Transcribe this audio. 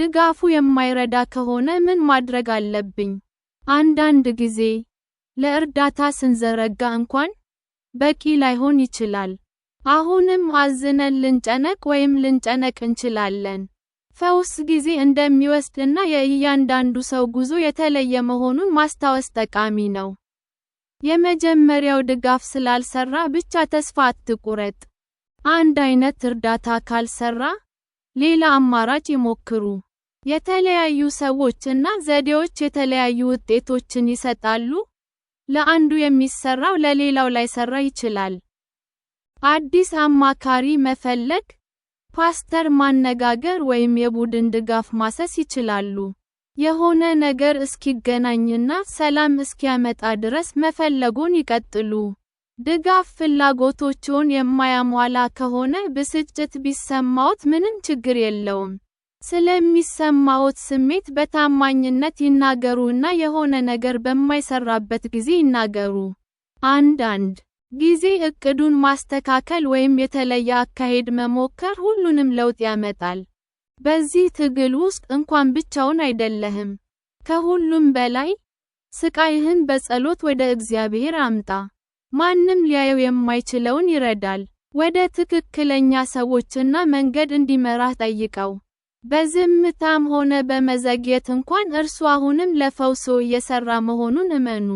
ድጋፉ የማይረዳ ከሆነ ምን ማድረግ አለብኝ? አንዳንድ ጊዜ ለእርዳታ ስንዘረጋ እንኳን በቂ ላይሆን ይችላል። አሁንም አዝነን ልንጨነቅ ወይም ልንጨነቅ እንችላለን። ፈውስ ጊዜ እንደሚወስድ እና የእያንዳንዱ ሰው ጉዞ የተለየ መሆኑን ማስታወስ ጠቃሚ ነው። የመጀመሪያው ድጋፍ ስላልሰራ ብቻ ተስፋ አትቁረጥ። አንድ አይነት እርዳታ ካልሰራ ሌላ አማራጭ ይሞክሩ። የተለያዩ ሰዎች እና ዘዴዎች የተለያዩ ውጤቶችን ይሰጣሉ። ለአንዱ የሚሰራው ለሌላው ላይሰራ ይችላል። አዲስ አማካሪ መፈለግ፣ ፓስተር ማነጋገር ወይም የቡድን ድጋፍ ማሰስ ይችላሉ። የሆነ ነገር እስኪገናኝና ሰላም እስኪያመጣ ድረስ መፈለጎን ይቀጥሉ። ድጋፍ ፍላጎቶችዎን የማያሟላ ከሆነ ብስጭት ቢሰማዎት ምንም ችግር የለውም። ስለሚሰማዎት ስሜት በታማኝነት ይናገሩና የሆነ ነገር በማይሰራበት ጊዜ ይናገሩ። አንዳንድ ጊዜ እቅዱን ማስተካከል ወይም የተለየ አካሄድ መሞከር ሁሉንም ለውጥ ያመጣል። በዚህ ትግል ውስጥ እንኳን ብቻውን አይደለህም። ከሁሉም በላይ፣ ስቃይህን በጸሎት ወደ እግዚአብሔር አምጣ። ማንም ሊያየው የማይችለውን ይረዳል። ወደ ትክክለኛ ሰዎችና መንገድ እንዲመራህ ጠይቀው። በዝምታም ሆነ በመዘግየት እንኳን እርሱ አሁንም ለፈውሶ እየሰራ መሆኑን እመኑ።